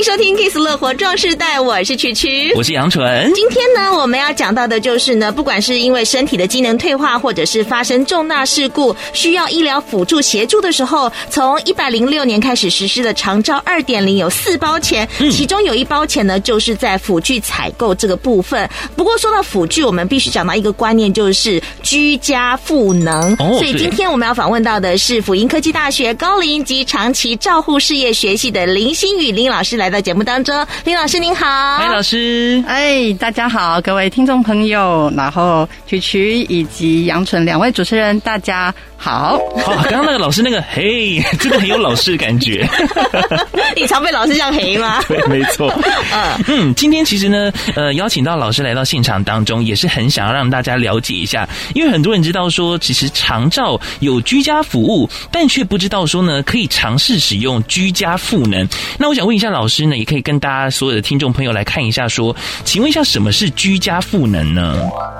歡迎收聽《Kiss 樂活壯世代》，我是曲曲，我是楊純。今天呢，我們要講到的就是呢，不管是因為身體的機能退化，或者是發生重大事故需要醫療輔助協助的時候，從一百零六年開始實施的長照二點零有四包錢，嗯，其中有一包錢呢，就是在輔具採購這個部分。不過說到輔具，我們必須講到一個觀念，就是居家賦能，哦。所以今天我們要訪問到的是輔英科技大學高齡及長期照護事業學系的林欣妤林老師來。在節目當中，林老師您好，林老師，哎，大家好，各位聽眾朋友，然後曲曲以及楊淳兩位主持人，大家好。好，啊，剛剛那個老師那個 嘿，真的很有老師的感覺。 你常被老師這樣嘿嗎？對，沒錯。嗯 嗯，今天其實呢，呃，邀請到老師來到現場當中，也是很想要讓大家了解一下，因為很多人知道說，其實長照有居家服務，但卻不知道說呢，可以嘗試使用居家復能。那我想問一下老師，真的也可以跟大家所有的聽眾朋友來看一下，說，請問一下，什麼是居家復能呢？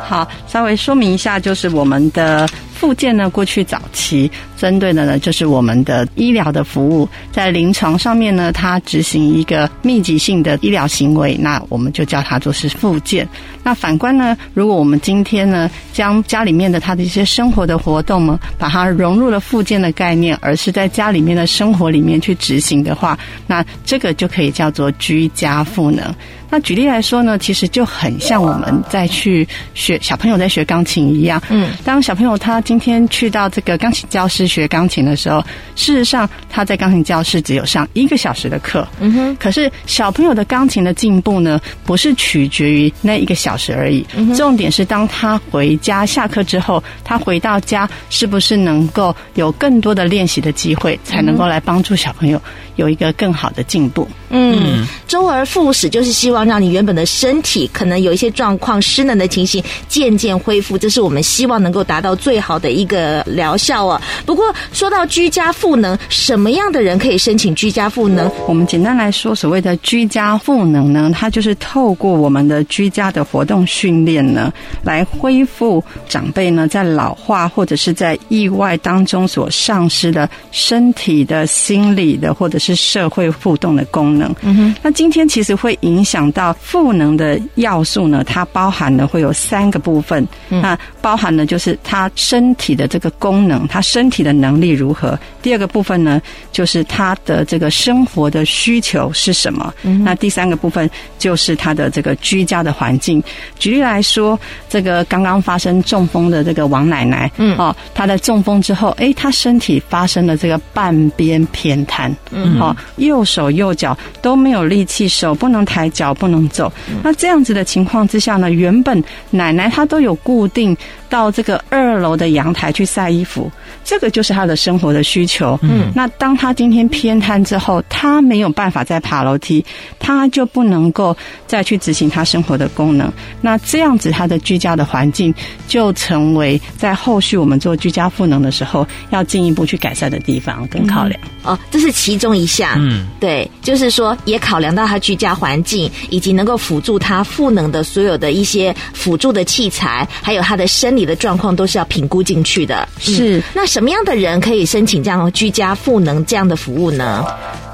好，稍微說明一下，就是我們的。復健呢，過去早期針對的呢，就是我們的醫療的服務，在臨床上面呢，它執行一個密集性的醫療行為，那我們就叫它做是復健。那反觀呢，如果我們今天呢，將家裡面的它的一些生活的活動嘛，把它融入了復健的概念，而是在家裡面的生活裡面去執行的話，那這個就可以叫做居家復能。那舉例來說呢，其實就很像我們在去學小朋友在學鋼琴一樣。嗯，當小朋友他今天去到這個鋼琴教室學鋼琴的時候，事實上他在鋼琴教室只有上一個小時的課。嗯哼。可是小朋友的鋼琴的進步呢，不是取決於那一個小時而已。嗯哼。重點是當他回家下課之後，他回到家是不是能夠有更多的練習的機會，嗯哼。才能夠來幫助小朋友有一個更好的進步。嗯，嗯周而復始，就是希望。讓你原本的身體可能有一些狀況失能的情形漸漸恢復，這是我們希望能夠達到最好的一個療效哦。不過說到居家賦能，什麼樣的人可以申請居家賦能？我們簡單來說，所謂的居家賦能呢，它就是透過我們的居家的活動訓練呢，來恢復長輩呢在老化或者是在意外當中所喪失的身體的、心理的或者是社會互動的功能。嗯哼，那今天其實會影響。到復能的要素呢，它包含了會有三個部分。嗯、那包含呢，就是他身體的這個功能，他身體的能力如何。第二個部分呢，就是他的這個生活的需求是什麼？嗯。那第三個部分就是他的這個居家的環境。舉例來說，這個剛剛發生中風的這個王奶奶，嗯，哦，她的中風之後，誒，她身體發生了這個半邊偏癱，嗯，哦，右手右腳都沒有力氣，手不能抬，腳。不能走，那這樣子的情況之下呢，原本奶奶她都有固定到這個二樓的陽台去曬衣服，這個就是他的生活的需求。嗯，那當他今天偏癱之後，他沒有辦法再爬樓梯，他就不能夠再去執行他生活的功能。那這樣子，他的居家的環境就成為在後續我們做居家復能的時候要進一步去改善的地方跟考量。嗯。哦，這是其中一項。嗯，對，就是說也考量，到他居家環境以及能夠輔助他復能的所有的一些輔助的器材，還有他的生理。你的狀況都是要評估進去的，是、嗯。那什麼樣的人可以申請這樣居家復能這樣的服務呢？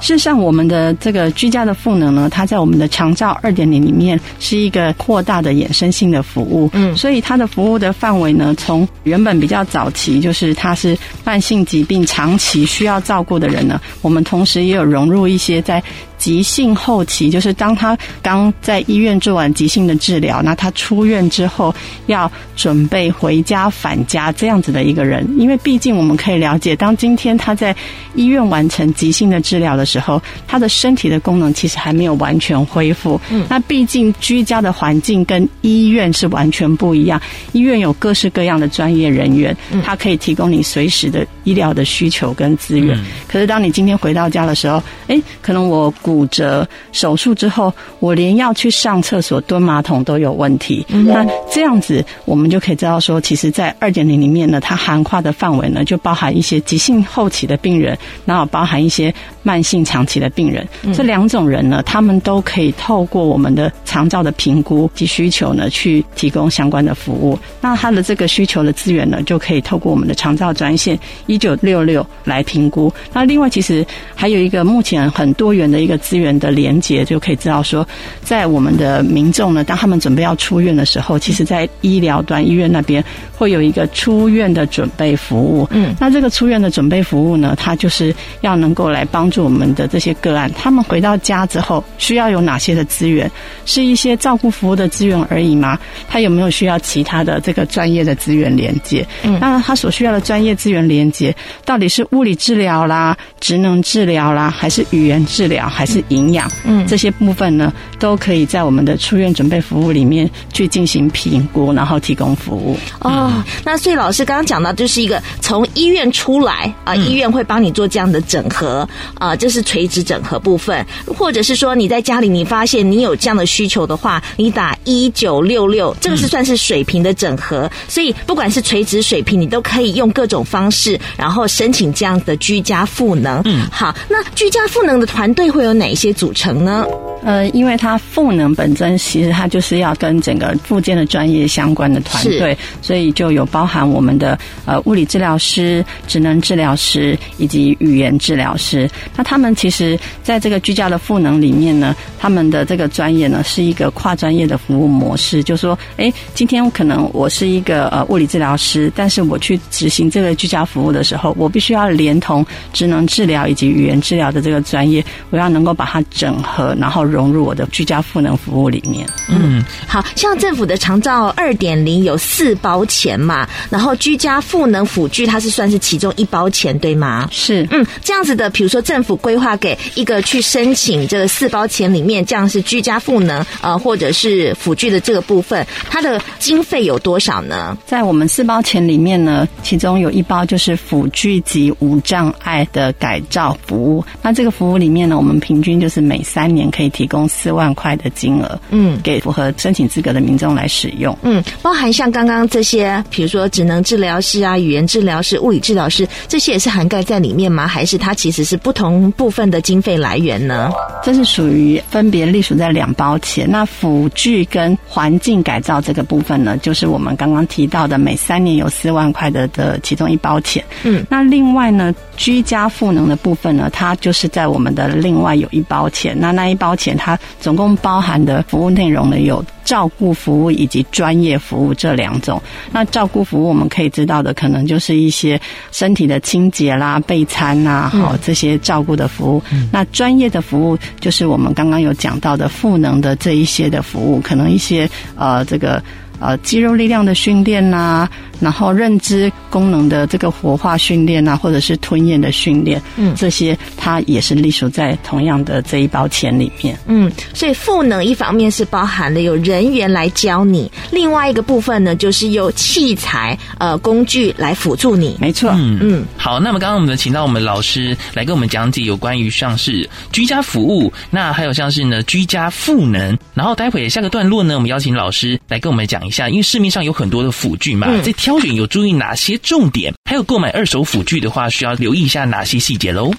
事實上，我們的這個居家的復能呢，它在我們的長照二點零裡面是一個擴大的衍生性的服務。嗯，所以它的服務的範圍呢，從原本比較早期，就是他是慢性疾病長期需要照顧的人呢，我們同時也有融入一些在急性後期，就是當他剛在醫院做完急性的治療，那他出院之後要準備回家返家這樣子的一個人。因為畢竟我們可以了解，當今天他在醫院完成急性的治療的時候，他的身體的功能其實還沒有完全恢復。嗯，那畢竟居家的環境跟醫院是完全不一樣。醫院有各式各樣的專業人員，嗯、他可以提供你隨時的醫療的需求跟資源。嗯、可是，當你今天回到家的時候，哎，可能我骨折手術之後，我連要去上廁所蹲馬桶都有問題。嗯、那這樣子，我們就可以知道說，其實在二點零裡面呢，它涵蓋的範圍呢，就包含一些急性後期的病人，然後包含一些慢性。長期的病人，這、嗯、兩種人呢，他們都可以透過我們的長照的評估及需求呢，去提供相關的服務。那他的這個需求的資源呢，就可以透過我們的長照專線一九六六來評估。那另外，其實還有一個目前很多元的一個資源的連結，就可以知道說，在我們的民眾呢，當他們準備要出院的時候，其實，在醫療端醫院那邊會有一個出院的準備服務。嗯，那這個出院的準備服務呢，它就是要能夠來幫助我們。的這些個案，他們回到家之後需要有哪些的資源？是一些照顧服務的資源而已嗎？他有沒有需要其他的這個專業的資源連接？嗯，那他所需要的專業資源連接到底是物理治療啦、職能治療啦，還是語言治療，還是營養？嗯，這些部分呢，都可以在我們的出院準備服務裡面去進行評估，然後提供服務。哦，那所以老師剛剛講到，就是一個從醫院出來啊，醫院會幫你做這樣的整合啊，就是。是垂直整合部分，或者是說你在家裡你發現你有這樣的需求的話，你打一九六六，這個是算是水平的整合，嗯。所以不管是垂直水平，你都可以用各種方式，然後申請這樣的居家復能。嗯，好，那居家復能的團隊會有哪些組成呢？呃，因為它復能本身其實它就是要跟整個復健的專業相關的團隊，所以就有包含我們的呃物理治療師、職能治療師以及語言治療師，那他們。但其實，在這個居家的賦能裡面呢，他們的這個專業呢是一個跨專業的服務模式，就是說，哎，今天可能我是一個呃物理治療師，但是我去執行這個居家服務的時候，我必須要連同職能治療以及語言治療的這個專業，我要能夠把它整合，然後融入我的居家賦能服務裡面。嗯，好像政府的長照二點零有四包錢嘛，然後居家賦能輔具它是算是其中一包錢對嗎？是，嗯，這樣子的，比如說政府規。計劃給一個去申請這個四包錢裡面，這樣是居家賦能呃，或者是輔具的這個部分，它的經費有多少呢？在我們四包錢裡面呢，其中有一包就是輔具及無障礙的改造服務。那這個服務裡面呢，我們平均就是每三年可以提供四萬塊的金額，嗯，給符合申請資格的民眾來使用。嗯，包含像剛剛這些，比如說職能治療師啊、語言治療師、物理治療師，這些也是涵蓋在裡面嗎？還是它其實是不同部部分的經費來源呢？這是屬於分別隸屬在兩包錢。那輔具跟環境改造這個部分呢，就是我們剛剛提到的每三年有四萬塊的的其中一包錢。嗯，那另外呢，居家復能的部分呢，它就是在我們的另外有一包錢。那那一包錢它總共包含的服務內容呢有。照顧服務以及專業服務這兩種。那照顧服務我們可以知道的，可能就是一些身體的清潔啦、備餐啦，好，這些照顧的服務、嗯。那專業的服務就是我們剛剛有講到的復能的這一些的服務，可能一些呃這個。呃，肌肉力量的訓練吶、啊，然後認知功能的這個活化訓練啊，或者是吞嚥的訓練，嗯，這些它也是隸屬在同樣的這一包錢裡面。嗯，所以復能一方面是包含了有人員來教你，另外一個部分呢，就是有器材呃工具來輔助你。沒錯嗯，嗯，好，那麼剛剛我們請到我們老師來跟我們講解有關於像是居家服務，那還有像是呢居家復能，然後待會下個段落呢，我們邀請老師來跟我們講。一下，因為市面上有很多的輔具嘛、嗯，在挑選有注意哪些重點？還有購買二手輔具的話，需要留意一下哪些細節嘍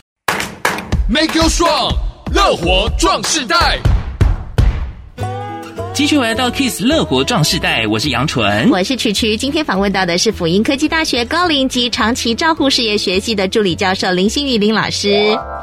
？Make you strong，樂活壯世代。繼續回來到 Kiss 樂活壯世代，我是楊純，我是曲曲。今天訪問到的是輔英科技大學高齡及長期照護事業學系的助理教授林欣妤林老師。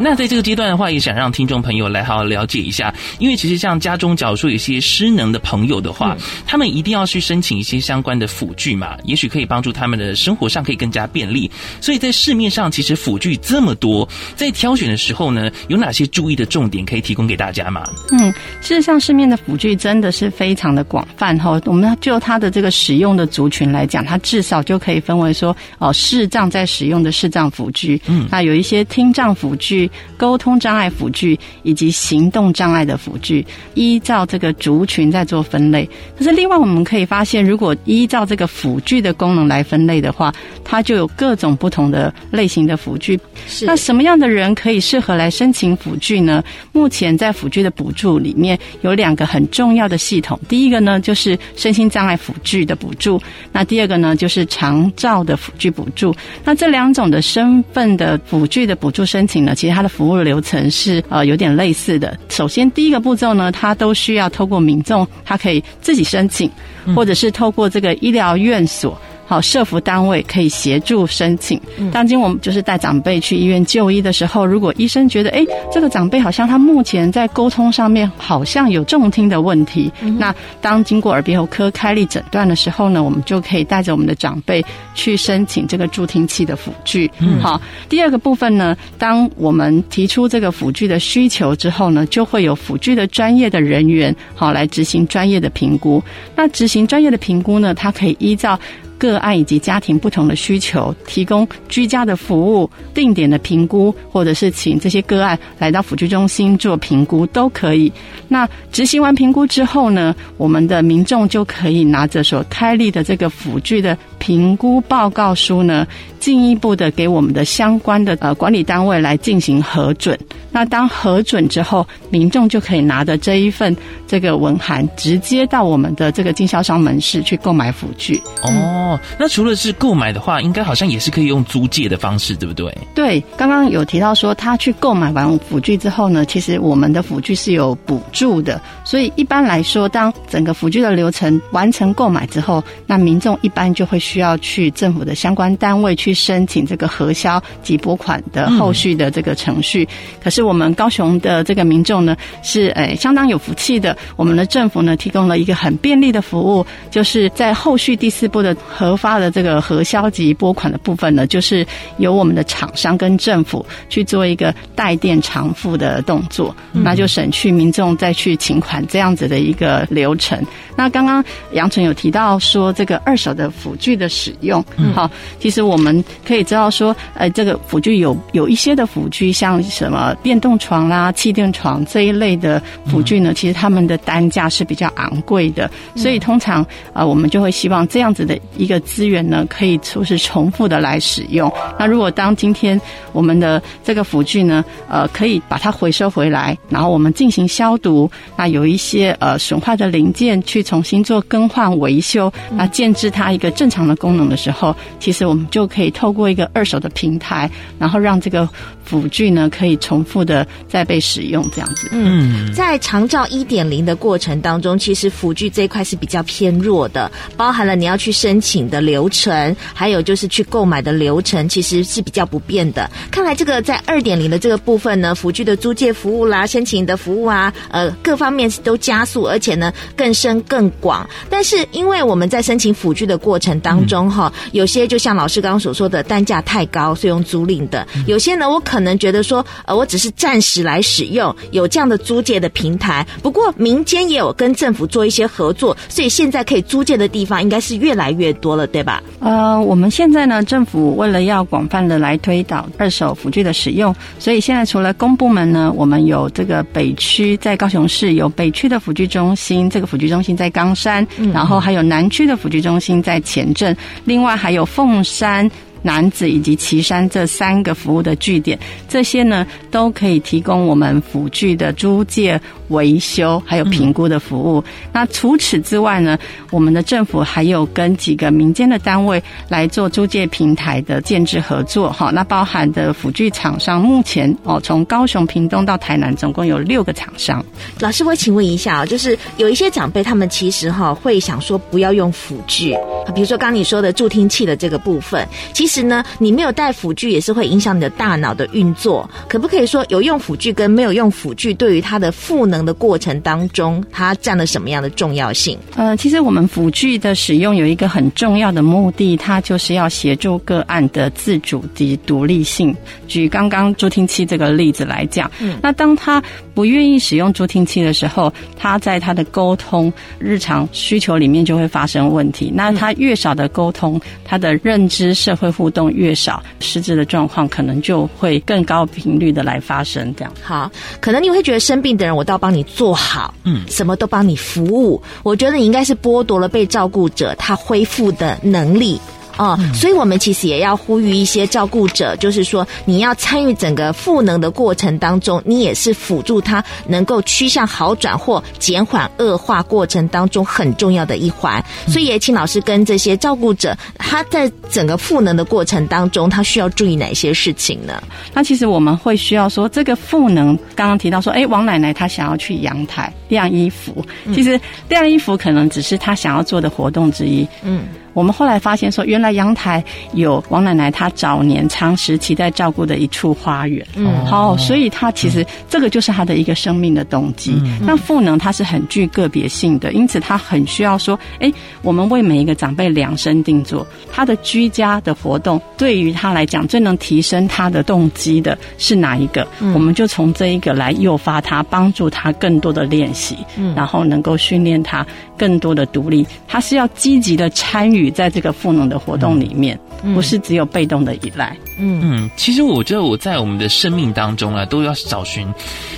那在這個階段的話，也想讓聽眾朋友來好好了解一下，因為其實像家中講述一些失能的朋友的話、嗯，他們一定要去申請一些相關的輔具嘛，也許可以幫助他們的生活上可以更加便利。所以在市面上其實輔具這麼多，在挑選的時候呢，有哪些注意的重點可以提供給大家嗎？嗯，其實像市面的輔具真的是。是非常的廣泛哈。我們就它的這個使用的族群來講，它至少就可以分為說哦，視障在使用的視障輔具、嗯，那有一些聽障輔具、溝通障礙輔具以及行動障礙的輔具，依照這個族群在做分類。但是另外我們可以發現，如果依照這個輔具的功能來分類的話，它就有各種不同的類型的輔具。那什麼樣的人可以適合來申請輔具呢？目前在輔具的補助裡面有兩個很重要的。系統第一個呢，就是身心障礙輔具的補助；那第二個呢，就是長照的輔具補助。那這兩種的身份的輔具的補助申請呢，其實它的服務流程是呃有點類似的。首先第一個步驟呢，它都需要透過民眾，他可以自己申請，或者是透過這個醫療院所。好，社福單位可以協助申請。嗯。當今我們就是帶長輩去醫院就醫的時候，如果醫生覺得，誒，這個長輩好像他目前在溝通上面好像有重聽的問題，嗯。那當經過耳鼻喉科開立診斷的時候呢，我們就可以帶着我們的長輩去申請這個助聽器的輔具。嗯。好，第二個部分呢，當我們提出這個輔具的需求之後呢，就會有輔具的專業的人員好來執行專業的評估。那執行專業的評估呢，它可以依照。個案以及家庭不同的需求，提供居家的服務、定點的評估，或者是請這些個案來到輔具中心做評估都可以。那執行完評估之後呢，我們的民眾就可以拿着所開立的這個輔具的評估報告書呢，進一步的給我們的相關的呃管理單位來進行核准。那當核准之後，民眾就可以拿着這一份這個文函，直接到我們的這個經銷商門市去購買輔具。哦。哦，那除了是購買的話，應該好像也是可以用租借的方式，對不對？對，剛剛有提到說，他去購買完輔具之後呢，其實我們的輔具是有補助的。所以一般來說，當整個輔具的流程完成購買之後，那民眾一般就會需要去政府的相關單位去申請這個核銷及撥款的後續的這個程序。嗯、可是我們高雄的這個民眾呢，是哎相當有福氣的，我們的政府呢提供了一個很便利的服務，就是在後續第四步的核發的這個核銷及撥款的部分呢，就是由我們的廠商跟政府去做一個代墊償付的動作，嗯、那就省去民眾再去請款。這樣子的一個流程。那剛剛楊淳有提到說，這個二手的輔具的使用，嗯，好，其實我們可以知道說，呃，這個輔具有有一些的輔具，像什麼電動床啦、啊、氣墊床這一類的輔具呢、嗯，其實他們的單價是比較昂貴的、嗯。所以通常啊、呃，我們就會希望這樣子的一個資源呢，可以就是重複的來使用。那如果當今天我們的這個輔具呢，呃，可以把它回收回來，然後我們進行消毒，那有。有一些呃損壞的零件，去重新做更換維修啊，建置它一個正常的功能的時候、嗯，其實我們就可以透過一個二手的平台，然後讓這個輔具呢可以重複的再被使用，這樣子。嗯，在長照一點零的過程當中，其實輔具這一塊是比較偏弱的，包含了你要去申請的流程，還有就是去購買的流程，其實是比較不便的。看來這個在二點零的這個部分呢，輔具的租借服務啦，申請的服務啊，呃，各方面。都加速，而且呢更深更廣。但是因為我們在申請輔具的過程當中，哈、嗯哦，有些就像老師剛剛所說的，單價太高，所以用租賃的；有些呢，我可能覺得說，呃，我只是暫時來使用，有這樣的租借的平台。不過民間也有跟政府做一些合作，所以現在可以租借的地方應該是越來越多了，對吧？呃，我們現在呢，政府為了要廣泛的來推導二手輔具的使用，所以現在除了公部門呢，我們有這個北區在高雄市有北。北區的輔具中心，這個輔具中心在岡山、嗯，然後還有南區的輔具中心在前鎮，另外還有鳳山。男子以及旗山這三個服務的據點，這些呢，都可以提供我們輔具的租借、維修還有評估的服務，嗯。那除此之外呢，我們的政府還有跟幾個民間的單位來做租借平台的建置合作哈。那包含的輔具廠商目前哦，從高雄屏東到台南總共有六個廠商。老師，我請問一下，就是有一些長輩他們其實哈會想說不要用輔具，比如說剛剛你說的助聽器的這個部分，其實。是呢，你沒有帶輔具也是會影響你的大腦的運作。可不可以說有用輔具跟沒有用輔具，對於它的賦能的過程當中，它佔了什麼樣的重要性？呃，其實我們輔具的使用有一個很重要的目的，它就是要協助個案的自主及獨立性。舉剛剛助聽器這個例子來講，嗯，那當它。不願意使用助聽器的時候，他在他的溝通日常需求裡面就會發生問題。那他越少的溝通，他的認知、社會互動越少，失智的狀況可能就會更高頻率的來發生。這樣。好，可能你會覺得生病的人，我倒要幫你做好，嗯，什麼都幫你服務，我覺得你應該是剝奪了被照顧者他恢復的能力。哦，所以我們其實也要呼籲一些照顧者，就是說，你要參與整個復能的過程當中，你也是輔助他能夠趨向好轉或減緩惡化過程當中很重要的一環。所以也請老師跟這些照顧者，他在整個復能的過程當中，他需要注意哪些事情呢？那其實我們會需要說，這個復能剛剛提到說，哎，王奶奶她想要去陽台晾衣服，嗯，其實晾衣服可能只是她想要做的活動之一，嗯。我們後來發現說，原來陽台有王奶奶她早年長時期在照顧的一處花園。嗯，好、oh，所以她其實這個就是她的一個生命的動機。那、嗯、賦能她是很具個別性的，因此她很需要說，哎，我們為每一個長輩量身定做，她的居家的活動對於她來講最能提升她的動機的是哪一個、嗯，我們就從這一個來誘發她，幫助她更多的練習，嗯，然後能夠訓練她更多的獨立。她是要積極的參與。在這個復能的活動裡面、嗯，不是只有被動的依賴。嗯，其實我覺得我在我們的生命當中啊，都要找尋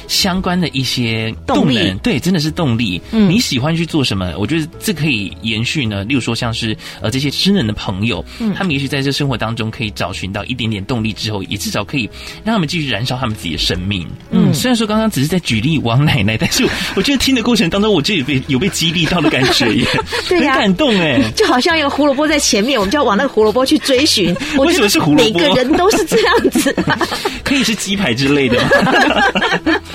相關的一些動，動力。對，真的是動力、嗯。你喜歡去做什麼？我覺得這可以延續呢。例如說，像是呃這些知能的朋友，嗯，他們也許在這生活當中可以找尋到一點點動力，之後也至少可以讓他們繼續燃燒他們自己的生命。嗯，雖然說剛剛只是在舉例王奶奶，但是我覺得聽的過程當中，我覺得有被有被激勵到的感覺也，也、 啊、很感動哎，就好像有。胡蘿蔔在前面，我們就要往那個胡蘿蔔去追尋。為什麼是胡蘿蔔？每個人都是這樣子， 可以是雞排之類的。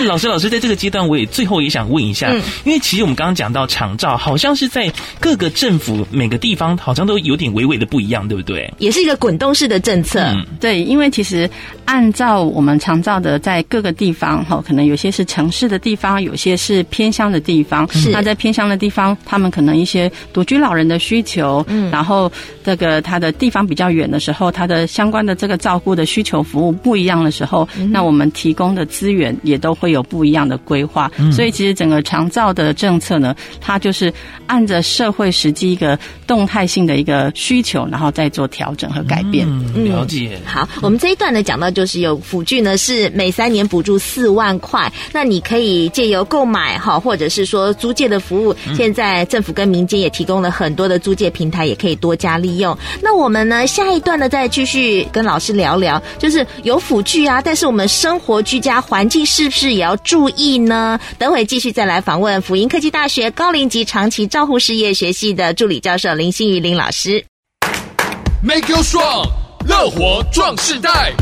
是老師，老師，在這個階段，我也最後也想問一下、嗯，因為其實我們剛剛講到長照，好像是在各個政府每個地方，好像都有點微微的不一樣，對不對？也是一個滾動式的政策，嗯、對，因為其實按照我們長照的，在各個地方，哈、哦，可能有些是城市的地方，有些是偏鄉的地方。是那在偏鄉的地方，他們可能一些獨居老人的需求，嗯，然後這個他的地方比較遠的時候，他的相關的這個照顧的需求服務不一樣的時候，嗯、那我們提供的資源也都會。會有不一樣的規劃，嗯，所以其實整個長照的政策呢，它就是按着社會實際一個動態性的一個需求，然後再做調整和改變。嗯，了解。好，嗯，我們這一段呢講到就是有輔具呢，是每三年補助四萬塊，那你可以借由購買哈，或者是說租借的服務。現在政府跟民間也提供了很多的租借平台，也可以多加利用。那我們呢下一段呢再繼續跟老師聊聊，就是有輔具啊，但是我們生活居家環境是不是？也要注意呢。等會繼續再來訪問輔英科技大學高齡及長期照護事業學系的助理教授林欣妤林老師。Make you strong，樂活壯世代。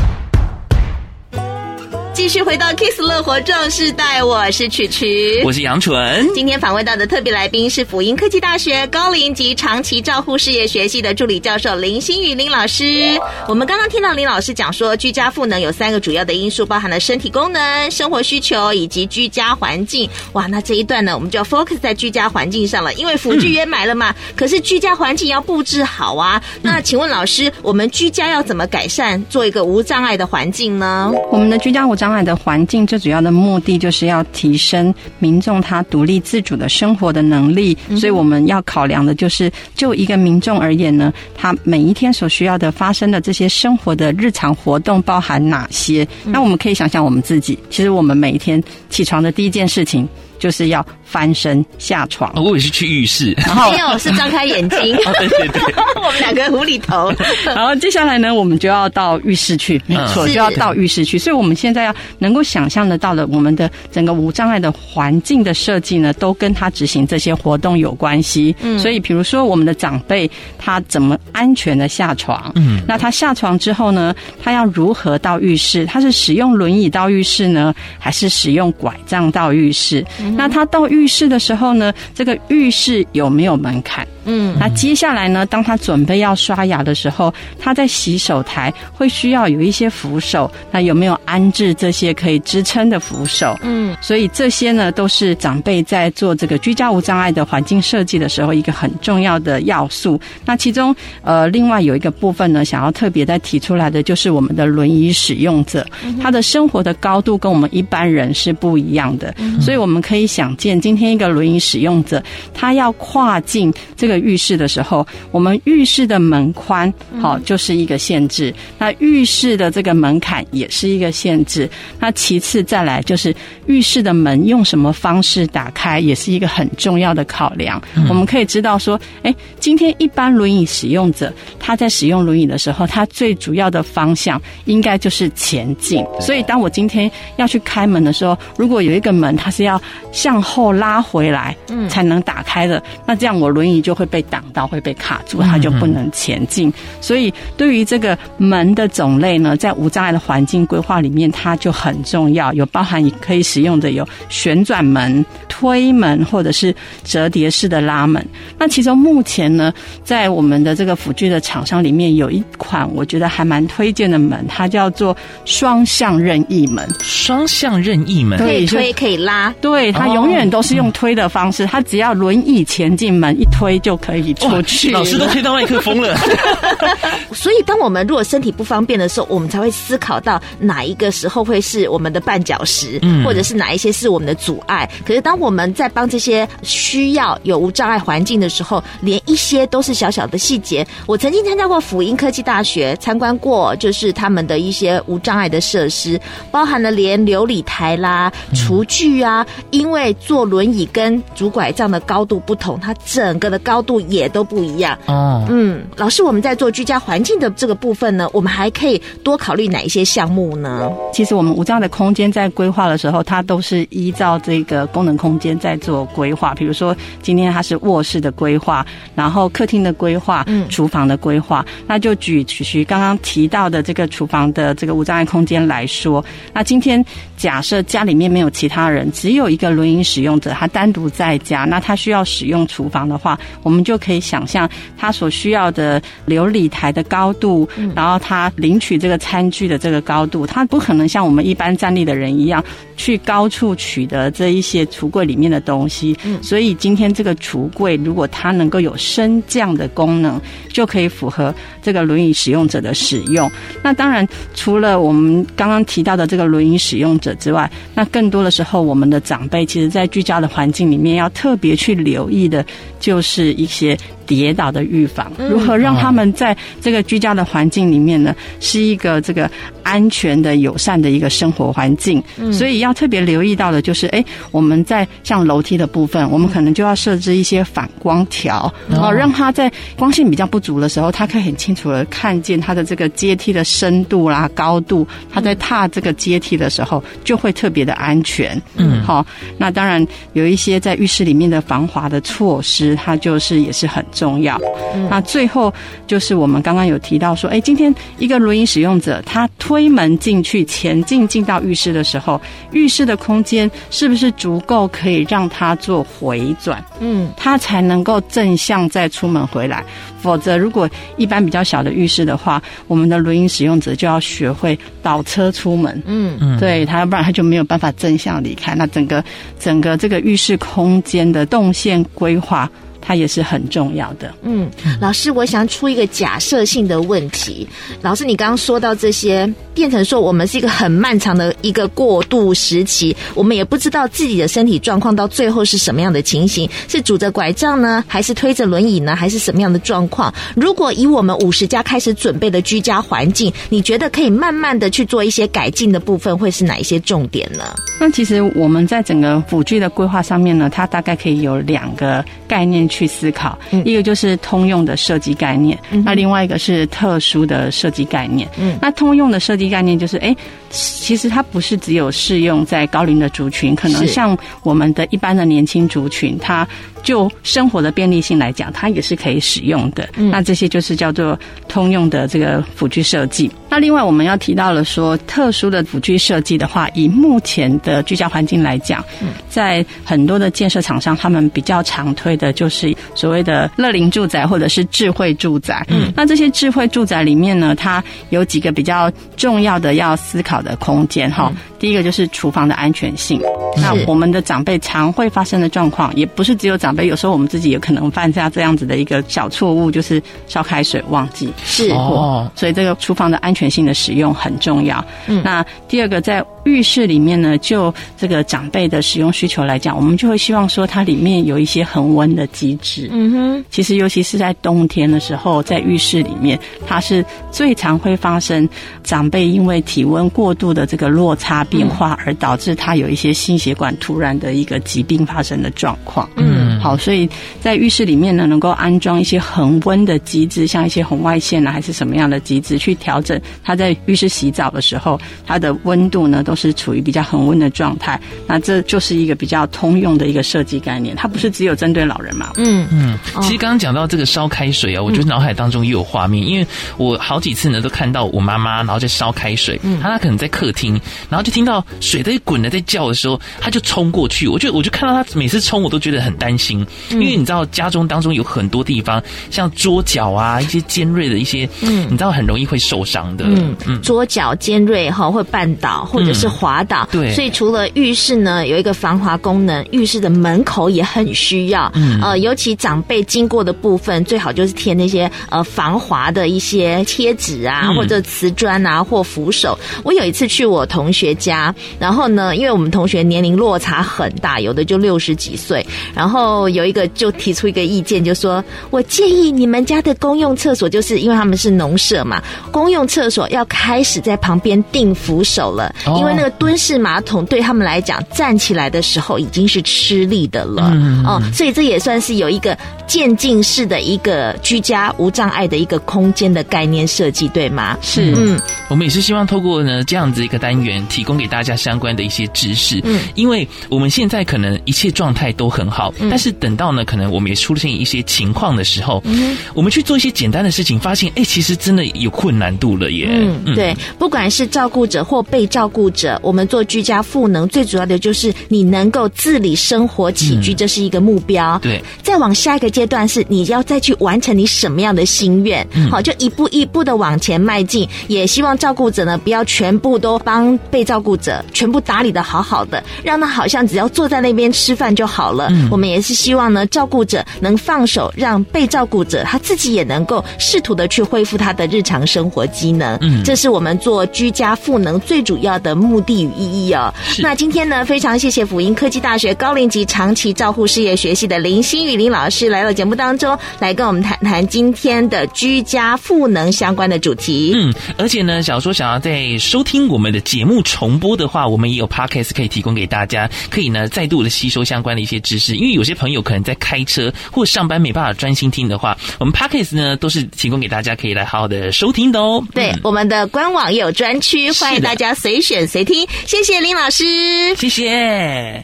繼續回到 Kiss 樂活壯世代，我是曲曲，我是楊純。今天訪問到的特別來賓是輔英科技大學高齡及長期照護事業學系的助理教授林欣妤林老師，嗯。我們剛剛聽到林老師講說，居家復能，有三個主要的因素，包含了身體功能、生活需求以及居家環境。哇，那這一段呢，我們就要 focus 在居家環境上了，因為輔具也買了嘛，嗯，可是居家環境要布置好啊，嗯。那請問老師，我們居家要怎麼改善，做一個無障礙的環境呢？我們的居家我。障礙的環境最主要的目的就是要提升民眾他獨立自主的生活的能力，所以我們要考量的就是就一個民眾而言呢，他每一天所需要的發生的這些生活的日常活動包含哪些？那我們可以想想我們自己，其實我們每一天起床的第一件事情。就是要翻身下床，哦，我也是去浴室，然後是張開眼睛， 哦、 我們兩個無厘頭。 然後接下來呢，我們就要到浴室去，沒、嗯、錯，就要到浴室去。所以我們現在要能夠想象得到的，我們的整個無障礙的環境的設計呢，都跟他執行這些活動有關係。嗯、所以，比如說我們的長輩他怎麼安全地下床，嗯，那他下床之後呢，他要如何到浴室？他是使用輪椅到浴室呢，還是使用拐杖到浴室？嗯那他到浴室的時候呢，這個浴室有沒有門檻？嗯，那接下來呢，當他準備要刷牙的時候，他在洗手台會需要有一些扶手，那有沒有安置這些可以支撐的扶手？嗯，所以這些呢，都是長輩在做這個居家無障礙的環境設計的時候一個很重要的要素。那其中，呃，另外有一個部分呢，想要特別再提出來的，就是我們的輪椅使用者。嗯，他的生活的高度跟我們一般人是不一樣的，嗯，所以我們可以。可以想見今天一個輪椅使用者，他要跨進這個浴室的時候，我們浴室的門寬好就是一個限制，嗯。那浴室的這個門檻也是一個限制。那其次再來就是浴室的門用什麼方式打開也是一個很重要的考量。嗯、我們可以知道說，誒，今天一般輪椅使用者他在使用輪椅的時候，他最主要的方向應該就是前進。所以當我今天要去開門的時候，如果有一個門，它是要向後拉回來，嗯，才能打開的。嗯。那這樣我輪椅就會被擋到，會被卡住，它就不能前進。嗯嗯。所以對於這個門的種類呢，在無障礙的環境規劃裡面，它就很重要。有包含可以使用的有旋轉門、推門，或者是折疊式的拉門。那其中目前呢，在我們的這個輔具的廠商裡面，有一款我覺得還蠻推薦的門，它叫做雙向任意門。雙向任意門。對，可以推可以拉，對。他永遠都是用推的方式，嗯、他只要輪椅前進，門一推就可以出去。哦、老師都推到麥克風了。 所以，當我們如果身體不方便的時候，我們才會思考到哪一個時候會是我們的絆腳石、嗯，或者是哪一些是我們的阻礙。可是，當我們在幫這些需要有無障礙環境的時候，連一些都是小小的細節。我曾經參加過輔英科技大學參觀過，就是他們的一些無障礙的設施，包含了連流理臺啦、廚具啊、因、嗯因為坐輪椅跟拄拐杖的高度不同，它整個的高度也都不一樣，嗯。嗯，老師，我們在做居家環境的這個部分呢，我們還可以多考慮哪一些項目呢？其實我們無障礙的空間在規劃的時候，它都是依照這個功能空間在做規劃。比如說今天它是臥室的規劃，然後客廳的規劃，嗯，廚房的規劃。嗯、那就舉曲曲剛剛提到的這個廚房的這個無障礙空間來說，那今天假設家裡面沒有其他人，只有一個輪輪椅使用者，他單獨在家，那他需要使用廚房的話，我們就可以想象他所需要的流理台的高度，然後他領取這個餐具的這個高度，他不可能像我們一般站立的人一樣去高處取得這一些櫥櫃裡面的東西。所以今天這個櫥櫃如果它能夠有升降的功能，就可以符合這個輪椅使用者的使用。那當然，除了我們剛剛提到的這個輪椅使用者之外，那更多的時候，我們的長輩。其實，在居家的環境裡面，要特別去留意的，就是一些。跌倒的預防，如何讓他們在這個居家的環境裡面呢？是一個這個安全的、友善的一個生活環境。所以要特別留意到的就是，哎，我們在像樓梯的部分，我們可能就要設置一些反光條，好、哦，讓他在光線比較不足的時候，他可以很清楚的看見他的這個階梯的深度啦、啊、高度，他在踏這個階梯的時候就會特別的安全。嗯，好，那當然有一些在浴室裡面的防滑的措施，它就是也是很。重要，嗯，那最後就是我們剛剛有提到說，哎、欸，今天一個輪椅使用者他推門進去前進進到浴室的時候，浴室的空間是不是足夠可以讓他做回轉？嗯，他才能夠正向再出門回來。否則，如果一般比較小的浴室的話，我們的輪椅使用者就要學會倒車出門。嗯嗯，對他，要不然他就沒有辦法正向離開。那整個整個這個浴室空間的動線規劃。它也是很重要的。嗯，老師，我想出一個假設性的問題。老師，你剛剛說到這些，變成說我們是一個很漫長的一個過渡時期，我們也不知道自己的身體狀況到最後是什麼樣的情形，是拄着拐杖呢？還是推着輪椅呢？還是什麼樣的狀況？如果以我們五十加開始準備的居家環境，你覺得可以慢慢的去做一些改進的部分，會是哪一些重點呢？那其實我們在整個輔具的規劃上面呢，它大概可以有兩個概念，去思考，一個就是通用的設計概念，那另外一個是特殊的設計概念。那通用的設計概念就是，哎，其實它不是只有適用在高齡的族群，可能像我們的一般的年輕族群，它。就生活的便利性來講，它也是可以使用的。嗯。那這些就是叫做通用的這個輔具設計。那另外我們要提到了說，特殊的輔具設計的話，以目前的居家環境來講，嗯，在很多的建設廠商，他們比較常推的就是所謂的樂齡住宅或者是智慧住宅。嗯，那這些智慧住宅裡面呢，它有幾個比較重要的要思考的空間哈，嗯。第一個就是廚房的安全性。那我們的長輩常會發生的狀況，也不是只有長。長輩有時候我們自己也可能犯下這樣子的一個小錯誤，就是燒開水忘記熄火，所以這個廚房的安全性的使用很重要。嗯，那第二個在浴室裡面呢，就這個長輩的使用需求來講，我們就會希望說它裡面有一些恆溫的機制。嗯哼，其實尤其是在冬天的時候，在浴室裡面，它是最常會發生長輩因為體溫過度的這個落差變化，而導致他有一些心血管突然的一個疾病發生的狀況。嗯。好，所以在浴室裡面呢，能夠安裝一些恆溫的機制，像一些紅外線啊，還是什麼樣的機制去調整它在浴室洗澡的時候，它的溫度呢都是處於比較恆溫的狀態。那這就是一個比較通用的一個設計概念，它不是只有針對老人嘛？嗯嗯。其實剛剛講到這個燒開水啊，我覺得腦海當中也有畫面，因為我好幾次呢都看到我媽媽，然後在燒開水，嗯，她可能在客廳，然後就聽到水在滾的在叫的時候，她就衝過去，我就我就看到她每次衝，我都覺得很擔心。因為你知道家中當中有很多地方、嗯，像桌角啊，一些尖銳的一些，嗯，你知道很容易會受傷的。嗯嗯，桌角尖銳哈，會絆倒或者是滑倒。對、嗯，所以除了浴室呢，有一個防滑功能，浴室的門口也很需要。嗯、呃，尤其長輩經過的部分，最好就是貼那些呃防滑的一些貼紙啊，嗯、或者瓷磚啊，或扶手。我有一次去我同學家，然後呢，因為我們同學年齡落差很大，有的就六十幾歲，然後。我有一個就提出一個意見，就說：“我建議你們家的公用廁所，就是因為他們是農舍嘛，公用廁所要開始在旁邊定扶手了。哦，因為那個蹲式馬桶對他們來講，站起來的時候已經是吃力的了。嗯。哦，所以這也算是有一個漸進式的一個居家無障礙的一個空間的概念設計，對嗎？是，嗯，我們也是希望透過呢這樣子一個單元，提供給大家相關的一些知識。嗯，因為我們現在可能一切狀態都很好，嗯，但是。等到呢，可能我們也出現一些情況的時候，嗯、我們去做一些簡單的事情，發現哎，其實真的有困難度了耶，嗯。嗯，對，不管是照顧者或被照顧者，我們做居家復能最主要的就是你能夠自理生活起居，嗯，這是一個目標。對，再往下一個階段是你要再去完成你什麼樣的心願，嗯。好，就一步一步的往前邁進。也希望照顧者呢不要全部都幫被照顧者全部打理得好好的，讓他好像只要坐在那邊吃飯就好了。嗯、我們也是。希望呢，照顧者能放手，讓被照顧者他自己也能夠試圖的去恢復他的日常生活機能。嗯，這是我們做居家復能最主要的目的與意義哦。那今天呢，非常謝謝輔英科技大學高齡及長期照護事業學系的林欣妤林老師來到節目當中，來跟我們談談今天的居家復能相關的主題。嗯，而且呢，想說想要在收聽我們的節目重播的話，我們也有 Podcast 可以提供給大家，可以呢再度的吸收相關的一些知識，因為有些。朋友可能在開車或上班沒辦法專心聽的話，我們 Podcast 呢都是提供給大家可以來好好的收聽的哦。對，嗯、我們的官網也有專區，歡迎大家隨選隨聽。謝謝林老師，謝謝。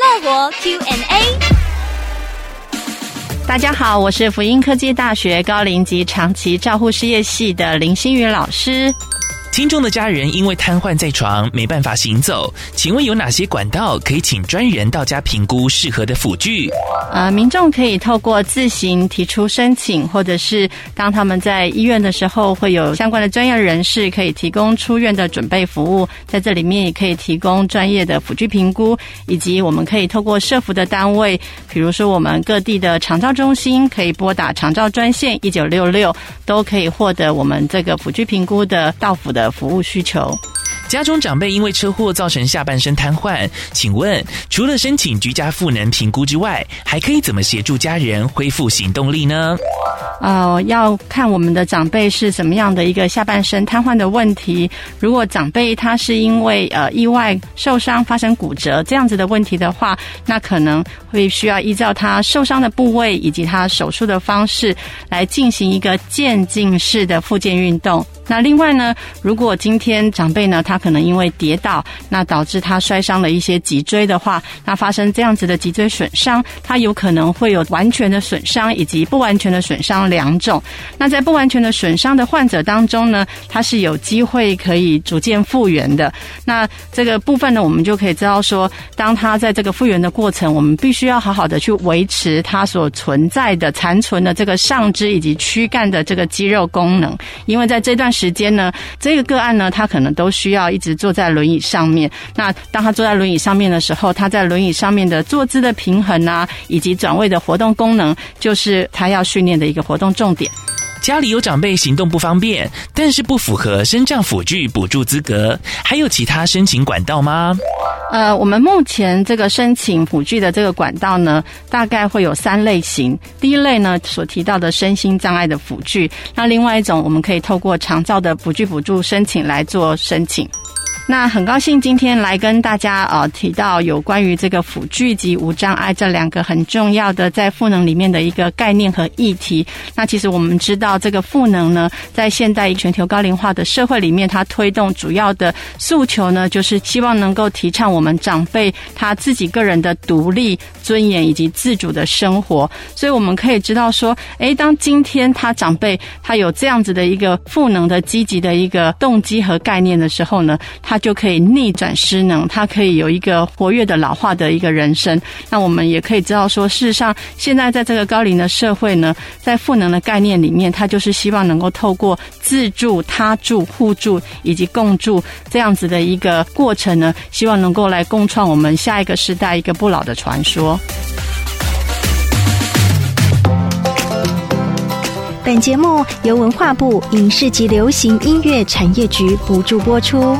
樂活 Q&A，大家好，我是輔英科技大學高齡及長期照護事業系的林欣妤老師。民眾的家人因為癱瘓在床，沒辦法行走，請問有哪些管道可以請專人到家評估適合的輔具？啊、呃，民眾可以透過自行提出申請，或者是當他們在醫院的時候，會有相關的專業人士可以提供出院的準備服務，在這裡面也可以提供專業的輔具評估，以及我們可以透過社福的單位，比如說我們各地的長照中心，可以撥打長照專線一九六六，都可以獲得我們這個輔具評估的到府的。服務需求。家中長輩因為車禍造成下半身癱瘓，請問除了申請居家賦能評估之外，還可以怎麼協助家人恢復行動力呢？呃，要看我們的長輩是怎麼樣的一個下半身癱瘓的問題。如果長輩他是因為呃意外受傷發生骨折這樣子的問題的話，那可能會需要依照他受傷的部位以及他手術的方式來進行一個漸進式的復健運動。那另外呢，如果今天長輩呢，他可能因為跌倒，那導致他摔傷了一些脊椎的話，那發生這樣子的脊椎損傷，他有可能會有完全的損傷以及不完全的損傷兩種。那在不完全的損傷的患者當中呢，他是有機會可以逐漸復原的。那這個部分呢，我們就可以知道說，當他在這個復原的過程，我們必須要好好的去維持他所存在的殘存的這個上肢以及軀幹的這個肌肉功能。因為在這段時時間呢，這個個案呢，他可能都需要一直坐在輪椅上面。那當他坐在輪椅上面的時候，他在輪椅上面的坐姿的平衡啊，以及轉位的活動功能，就是他要訓練的一個活動重點。家裡有長輩行動不方便，但是不符合身障輔具補助資格，還有其他申請管道嗎？呃，我們目前這個申請輔具的這個管道呢，大概會有三類型。第一類呢，所提到的身心障礙的輔具，那另外一種，我們可以透過長照的輔具補助申請來做申請。那很高興今天來跟大家呃、啊、提到有關於這個輔具及無障礙這兩個很重要的在賦能裡面的一個概念和議題。那其實我們知道這個賦能呢，在現代全球高齡化的社會裡面，它推動主要的訴求呢，就是希望能夠提倡我們長輩他自己個人的獨立尊嚴以及自主的生活。所以我們可以知道說，誒，當今天他長輩他有這樣子的一個賦能的積極的一個動機和概念的時候呢，他。就可以逆轉失能，它可以有一個活躍的老化的一個人生。那我們也可以知道說，事實上現在在這個高齡的社會呢，在賦能的概念裡面，它就是希望能夠透過自助、他助、互助以及共助這樣子的一個過程呢，希望能夠來共創我們下一個時代一個不老的傳說。本節目由文化部影視及流行音樂產業局補助播出。